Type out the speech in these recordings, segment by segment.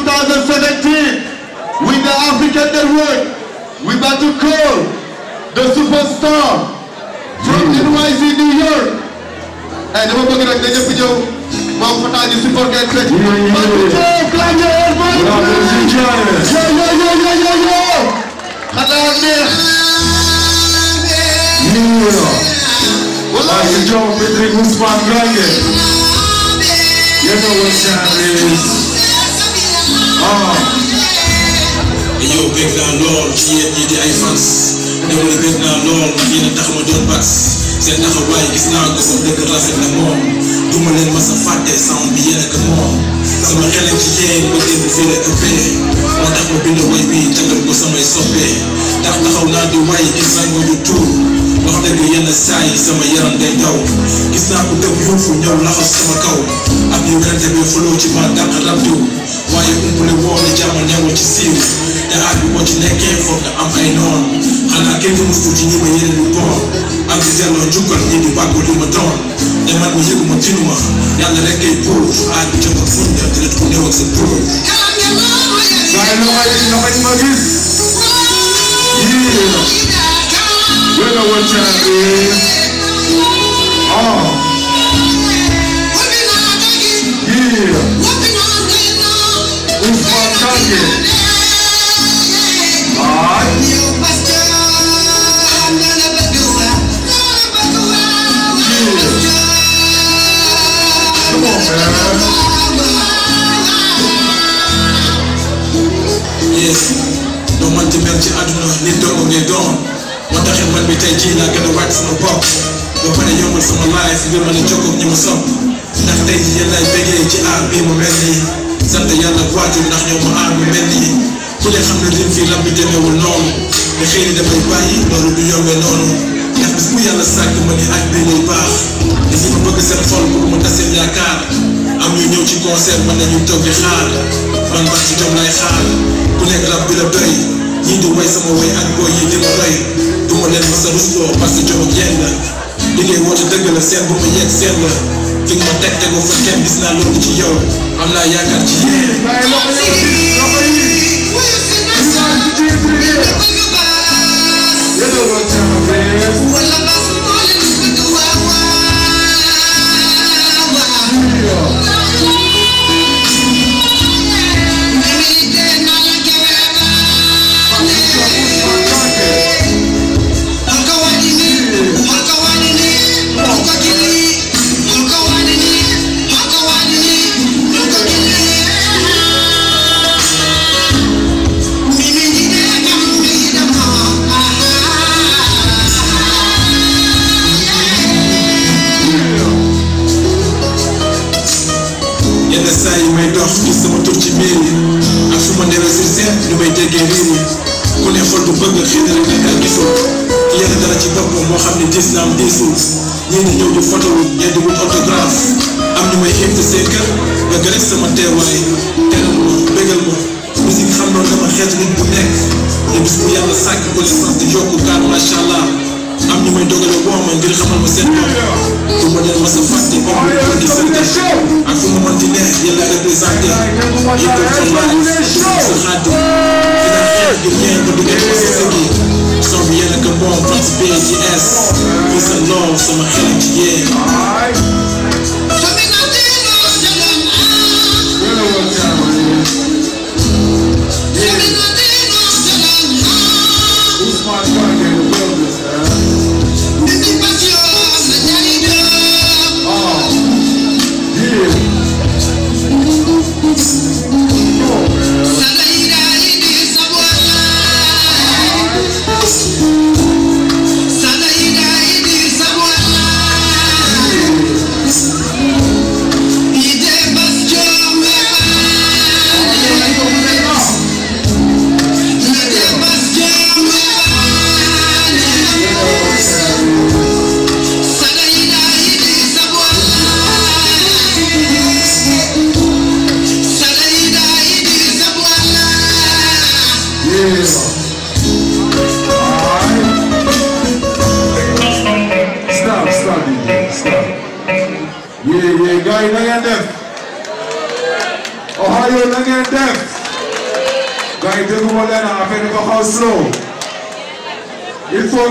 2017 with the African Network, we got to call the superstar from NYC New York. And dama bëgg nag dañu fi ñëw moom fa taa ñu support ngeen teg. maa ngi jóg clap your hands man. yo yo yo yo yo yo. xanaa neex. New York. maa ngi jóg Patrick Ousmane Gangue. You know what time it is. yow bëgg naa lool ci yéen ñi di ay fans yow la bëgg naa lool yéen a tax ma doon bas seen taxawaay gis naa ko sa dëgg rafet na moom du leen mas a fàtte sama bi yéen ak moom sama xel ci yéen ba démb fii la ëppee moo bind way bi tëggal ko samay soppee ndax taxaw naa di way gis naa ko dëgg yoofu ñëw laxas sama kaw ak ñu werante bi xuloo ci ma dàq rab diw waaye umpale woon ne jàmm newul ci siiw te aar bi boo ci nekkee foog nga am ay noon xanaa kenn musul ci ma yeneen lu bon ak di delloo njukkal ñi di bàkku li ma doon te man ma yëgu ma tinu ma yàlla rek kay pour aar bi jëm ak fuñ dem te ko néew ak sa pour waaye loxo yi loxo yi ma gis yii wéna woon ca oh ji laa gën a wàcc sama bopp ba pare yombal sama laay fi ngir mën a jokkoog ñi ma sopp ndax tey jii yéen laay bégee ci aar bii mu mel nii sant yàlla waajur ndax yombee noonu ndax bis bu yàlla sàkk ma ni ak bii lay baax dañu ma bëgg seen xol pour mu seen yaakaar am ñu ñëw ci concert mën nañu toog xaar man baax ci jom lay xaar ku nekk rab bi la doy. ñi di way sama way ak booy yi di ma du ma leen mës a rusloo parce que jox la li ngay woote dëgg la seen bu ma yegg seen la fi ma teg tegoo fa kenn gis naa loolu ci yow am naa yaakaar ci yéen. ñi di ñëw di photo di wut autographe am ñu may xeeb seen kër nga gërëm sama teewaay teral ma bégal ma musique xam noonu dama xeet nit bu nekk te bis bu yàlla sàkk connaissance di yokku kaar macha allah am ñu may dogale boo ma ngir xamal ma seen bopp ma leen mas a fàtte bu ko di ak fu mu di ne yàlla représenté yëpp fan laa def sa xaati dinaa xeet ngir ñeent ba duggee ko sa bu sa noom sama xel ci yéen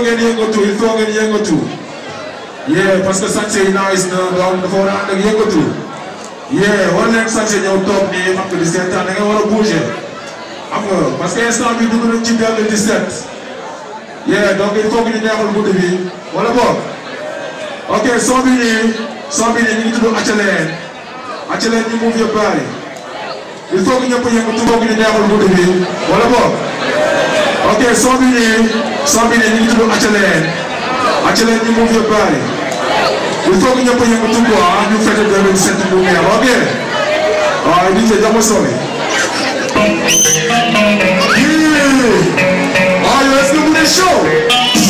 faut ngeen yëngatu il faut ngeen yëngatu. yee parce que sañse yi nice na donc dafa war a ànd ak yëngatu. yee war leen sañse ñëw toog nii xam nga di seetaan da nga war a bouger. xam nga parce que instant bi dugg nañ ci 2017. yee donc il faut que bi wala boog. ok son bi nii son bi nii ñu ngi tudd Acaleen Acaleen ñu move yëpp baay il faut que ñëpp yëngatu foog ñu wala boog. ok soo bi nii soo bi nii ñu ngi tudd Athieleen Athieleen ñu move your body il faut que ñëpp yëngatu quoi ñu fête 2007 bu neex ok waaw di jël jàmm sori. yii waaw ah, yow est-ce que mu ne show.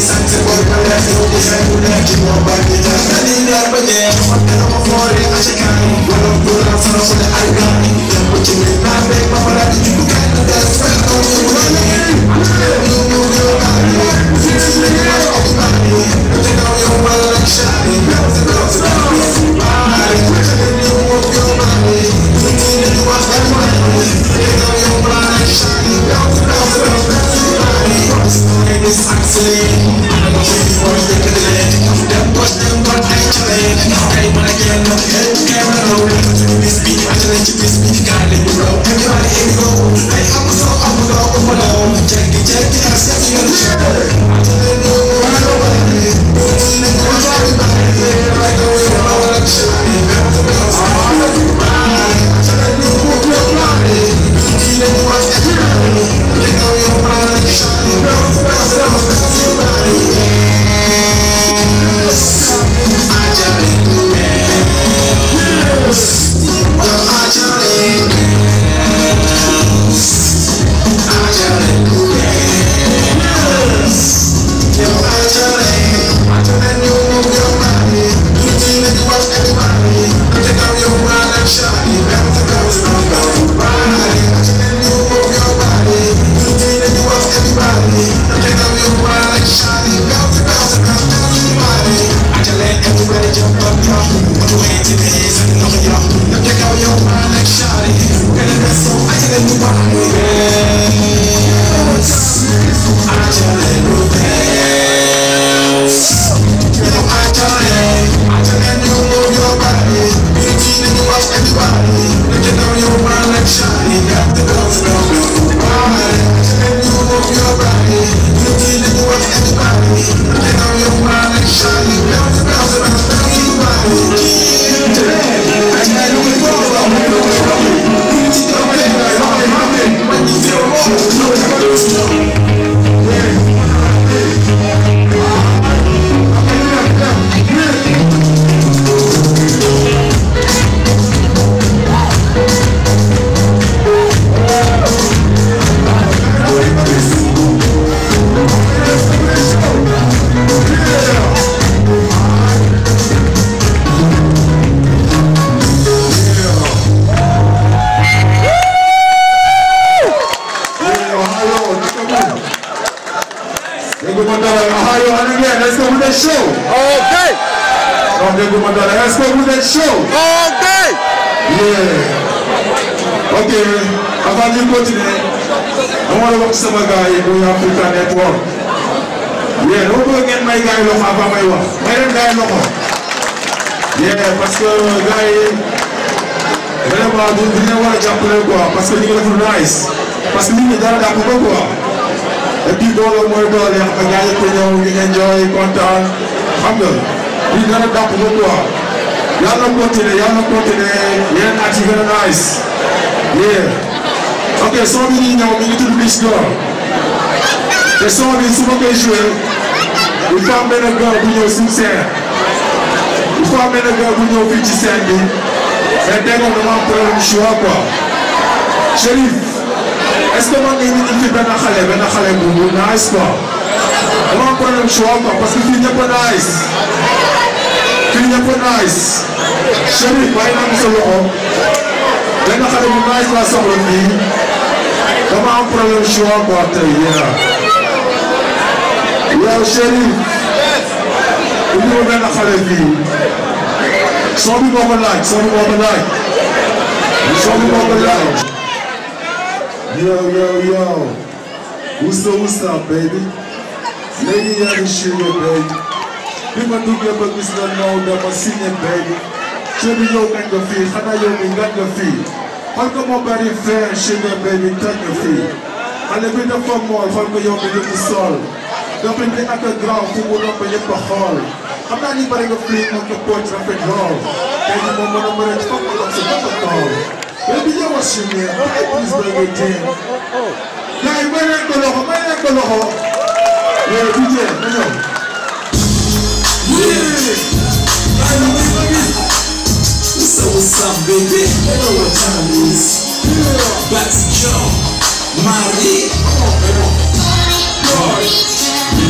sant the way it is. beneen gars yi ma ko. yeah parce que gars yi vraiment du du ñu war a jàppale quoi parce que ñu ngi def lu nice parce que nit ñi dara dàq ko quoi. et puis doole mooy doole xam nga gars yi ko ñëw ñu ngi enjoy kontaan xam nga lii dara dàq ko quoi. yàlla continuer yàlla continuer yeneen at yi gën a nice. yeah ok son bi ñuy ñëw mi ngi tudd Biche d'or te son bi su ma koy joué. il faut am benn gars bu ñëw sur scène il faut am benn gars fii ci scène bi mais tey moom dama am problème choix quoi Chérif est-ce que man mii ñu fi benn xale benn xale bu bu nice quoi dama am problème choix quoi parce que fii ñëpp a nice fii ñëpp a nice Chérif bàyyi naa ko sa loxo benn nice laa soxla fii dama am problème choix quoi tey yeah. yow Chérif indi ma benn xale fii soo bi moo ko laaj soo bi moo ko laaj soo bi moo ko laaj yow yow yow wusta wusta baby léegi yaa ngi signé baby bi ma duggee ba gis nga naw dama signé baby Chérif yow nga nga fii xanaa yow mi nga nga fii xam nga moo bari fee signé baby nga nga fii xale bi dafa mool xam nga yow mi ngi sol doppeñ bi ak grand fu mu romb ñëpp a xool xam naa ni bëri nga fii ak pooj rafet lool tey jii moom mën a mën a topp ak sa bopp tool mais bi ñëw a signé ba ay plus ba ngay jéem gars yi may leen ko loxo may leen ko loxo mais du jéem na ñëw. So what's up, baby? You know what time it is. Back to Joe, Marie, Lord. Oh,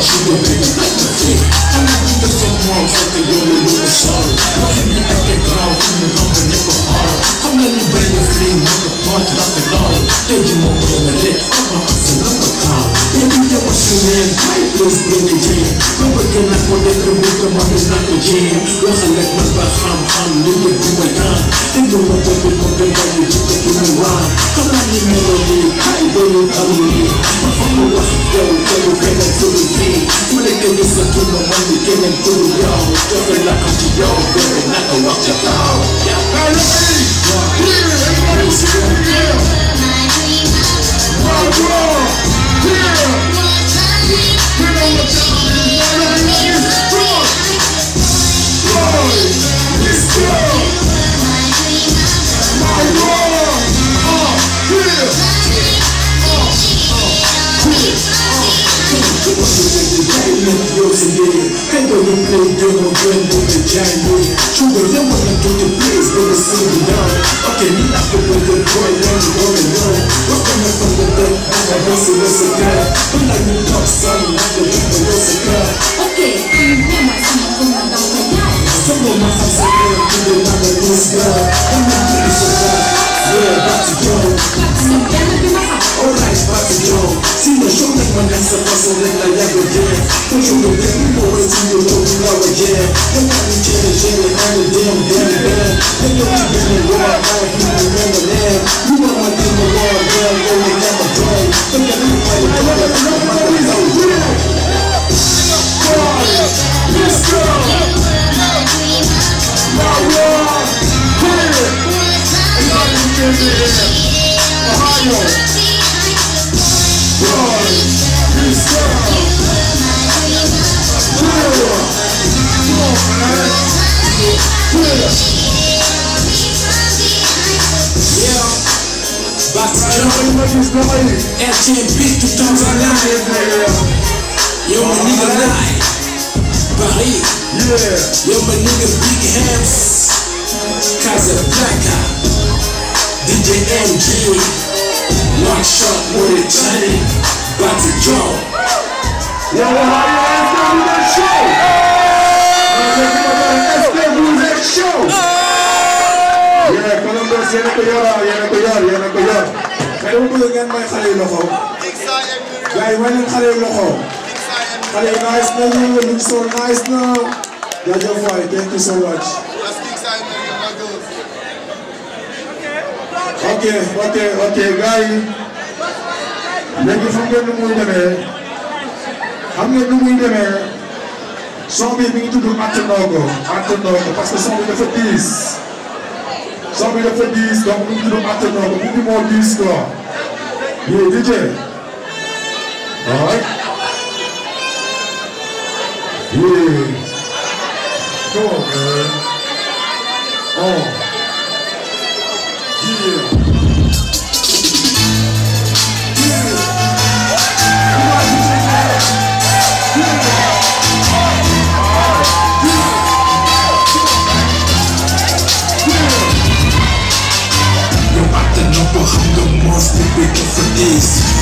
Sugar baby, like my feet I'm not into some wrongs like the young and old sorrow Why you at the ground, you know the nigga hard How many brains lean on the point, not the law They you more than a lick, I'm not a single time Maybe there was a man, this in the jam Who working as one that the wisdom of is not the jam Wasn't like my spot, I'm on new and do a dime They do my work with my big money, just to give me rhyme Come on, you know me, I ain't really other me My phone will rock, yo, yo, yo, can I do the thing? When they get this, I do my money, can I do it, yo Jumping like I'm G.O., baby, not When it's a hustle, then I never did. Push on the bed, always see you talking out again. Look at me, Jenny, Jenny, I'm a damn, damn, damn. Look at you, Jenny, where I am, you remember now. You are my demon, where I am, where we never done. Look at me, where I am, where I am, where we never done. Let's go! My world! Hit it! And I'm in Ohio! Twitter. Yeah. About to jump. F10 bitch, tu t'en vas là. Yo, my nigga lie. Paris. Yeah. Yo, my nigga big hands. Casablanca. DJ MG. Lock shot with a Johnny. About to jump. Yeah, well, how you answer to that show? show. yéen Columbus yéen a ko yor waaw yéen a ko yor yéen a ko yor. mais dama bëgg ngeen may xale yu loxo. gars yi may leen xale yu loxo. xale yu nice na ñu lu ñu sol nice na. jaajëf waay thank you so much. ok ok ok gars yi. léegi xam ngeen nu muy demee. xam ngeen nu muy demee. son bi mi ngi tudd attanoo ko attanoo ko parce que son bi dafa diis son bi dafa diis mi ngi tudd attanoo ko mi ngi moo diis quoi yooyu di jë waaw yooyu come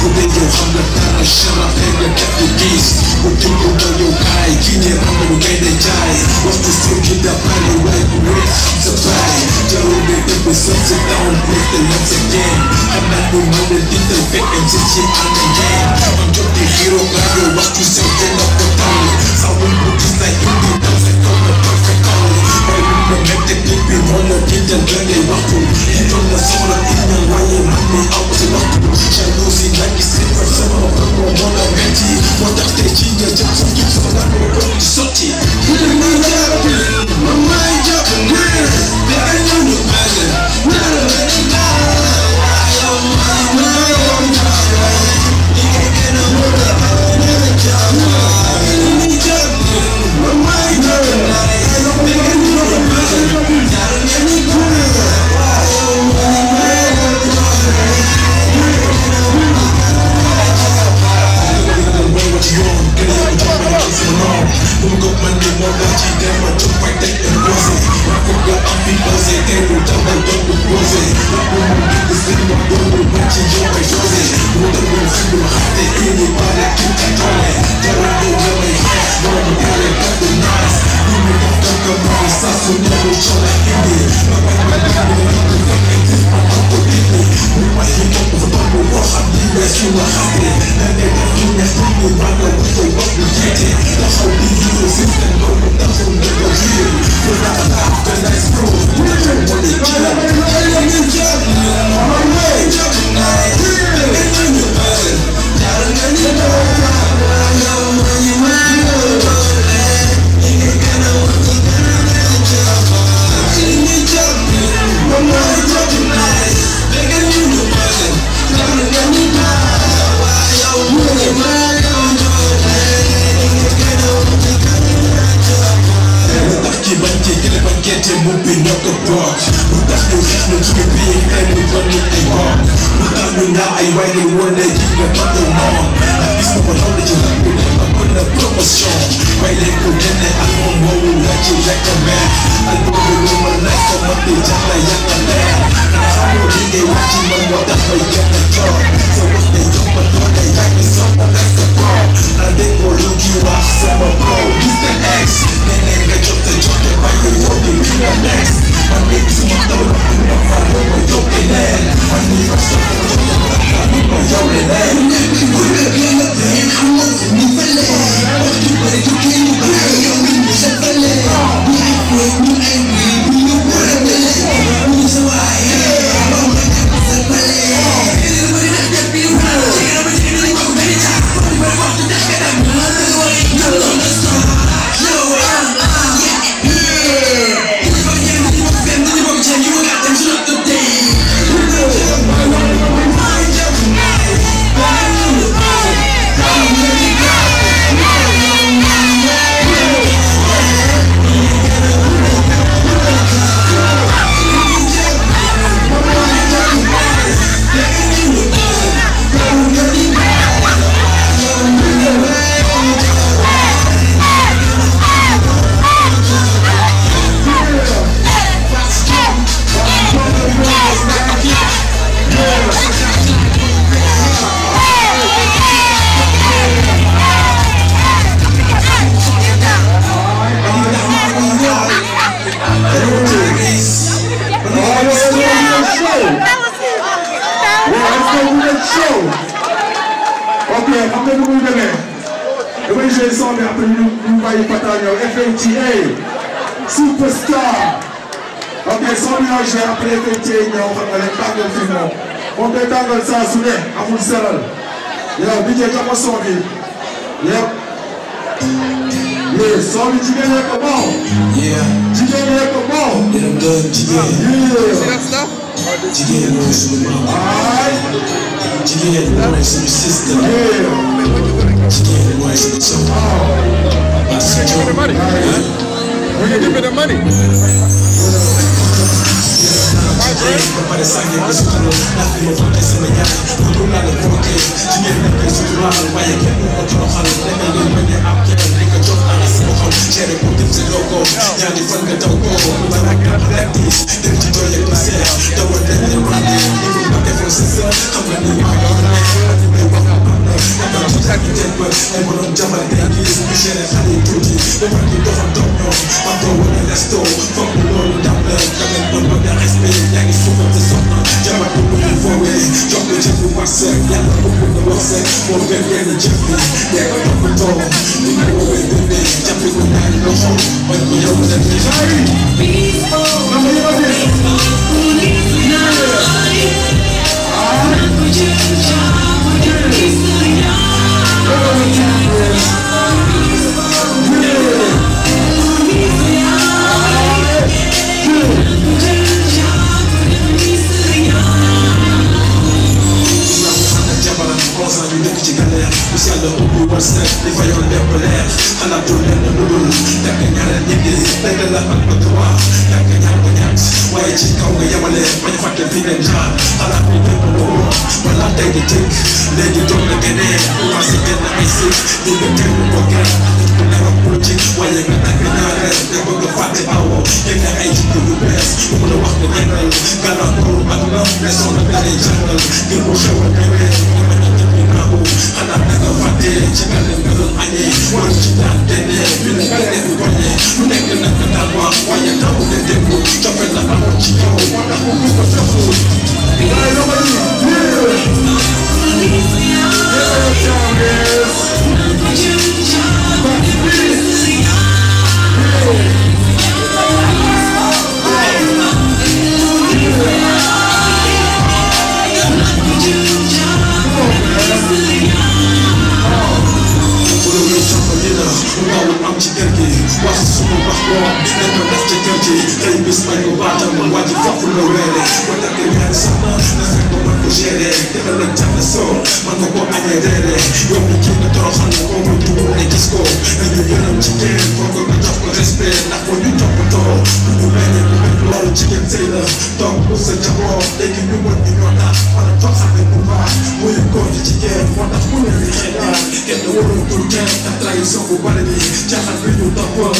不被有风的大海像那片的干不地，我丢不掉有害，一年半我给你带，我只是给他把你外不为失败，假如你对我相信，那我会的 once again，还难不难的定的被人直接安的 game，I'm just a hero，I know what you say，真的。idan kar ne mako idan na saura ina waye mai auki mako jalousi na isirar sama farko wanda gaji wanda ta ci da jasun kisa na mai kwanci soti kuma ni ya fi that you were hiding Now they're looking at me, you wanna wait for what we getting The whole EU is in the moment, the whole nigga here When I laugh, then I scroll, we don't wanna kill and moving up the block Without no system to being any running they are Without no now I write the one that you can put them on At least I'm a hundred you like me I'm gonna put my song Writing for them that I don't know what you recommend I know you know my life I'm up in time like I'm a man I'm a nigga watching my mother play at the club your next My baby's my throat, you know I love your open ass I need my soul, you know I love your ass xam nga nu muy demee damay joué son bi après ñu ñu bàyyi pata ñëw FNTA superstar ok son bi ñoo joué après FNTA ñëw xam nga leen tàngal fi moom moom day tàngal saa su ne amul seral yow bi jox ma son bi yëpp Yeah, sorry, jigéen ñee ko baaw. Yeah. jigéen ñee ko baaw. jigéen ñoo doon jigéen. Yeah. jigéen ñoo sunu maam. jigéen mooy suñu système jigéen mooy suñu soxla parce que coono ah. jigéen ba pare sànni ko si turam ndax li ma fàtte sama ñaar pour mun naa la protéger jigéen ñi koy sutural waaye kenn du ko toroxal da ngay leen bañ a am kenn sa loxo cere bu dem sa loxo ñaari fan nga taw ko balaa nga am la tiis dem ci doy ak seer dawal dañ la wane ñu ma defoon sa sër xam nga ni maa ngi wane ak may wax ma am na ma ci ak jël ba ay borom jamal day gis ñu géré xale tuuti ba ma di doxam toog ñoom ma toog wala resto foog bu loolu dam la da ngay bon ba nga respect yaa ngi suufa sa soxna jamal bu muy foowee jox ko jël bu wax sa yàlla bu ko wax sa moo gën yenn jëf bi yaa ko topp toog Yo, yëg na ak naa rees te bëgg a fàtte awoo yëg na ay jikko yu bees mu mën a wax ne jëndal gàllankoor ak naf ne soo na daree jàngal ngir mu xewal wax suñu wax moom nañ ko def ci kër gi tey bis bañ ko baatam wàcc fokk nga weere ba takkee weer sama na fekk ko mën ko gérer defal la jàmm soo man nga ko añee reere yow mi kii nga toroxal ko mu dugg ne gis ko nañu yërëm jigéen foog nga jox ko respect ndax ko ñu toppatoo bu ñu meññee bu mel lool jigéen sëy la toog pour sa jaboot léegi ñu mën ñu ñoo tax man a toog avec bu baax muy góor di jigéen moo tax mu ne li xeetaan kenn warul tur kenn ak trahison bu bari bi jaaxal bi ñu topp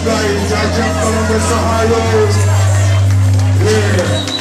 you guys. I jumped on with some high lows. Yeah.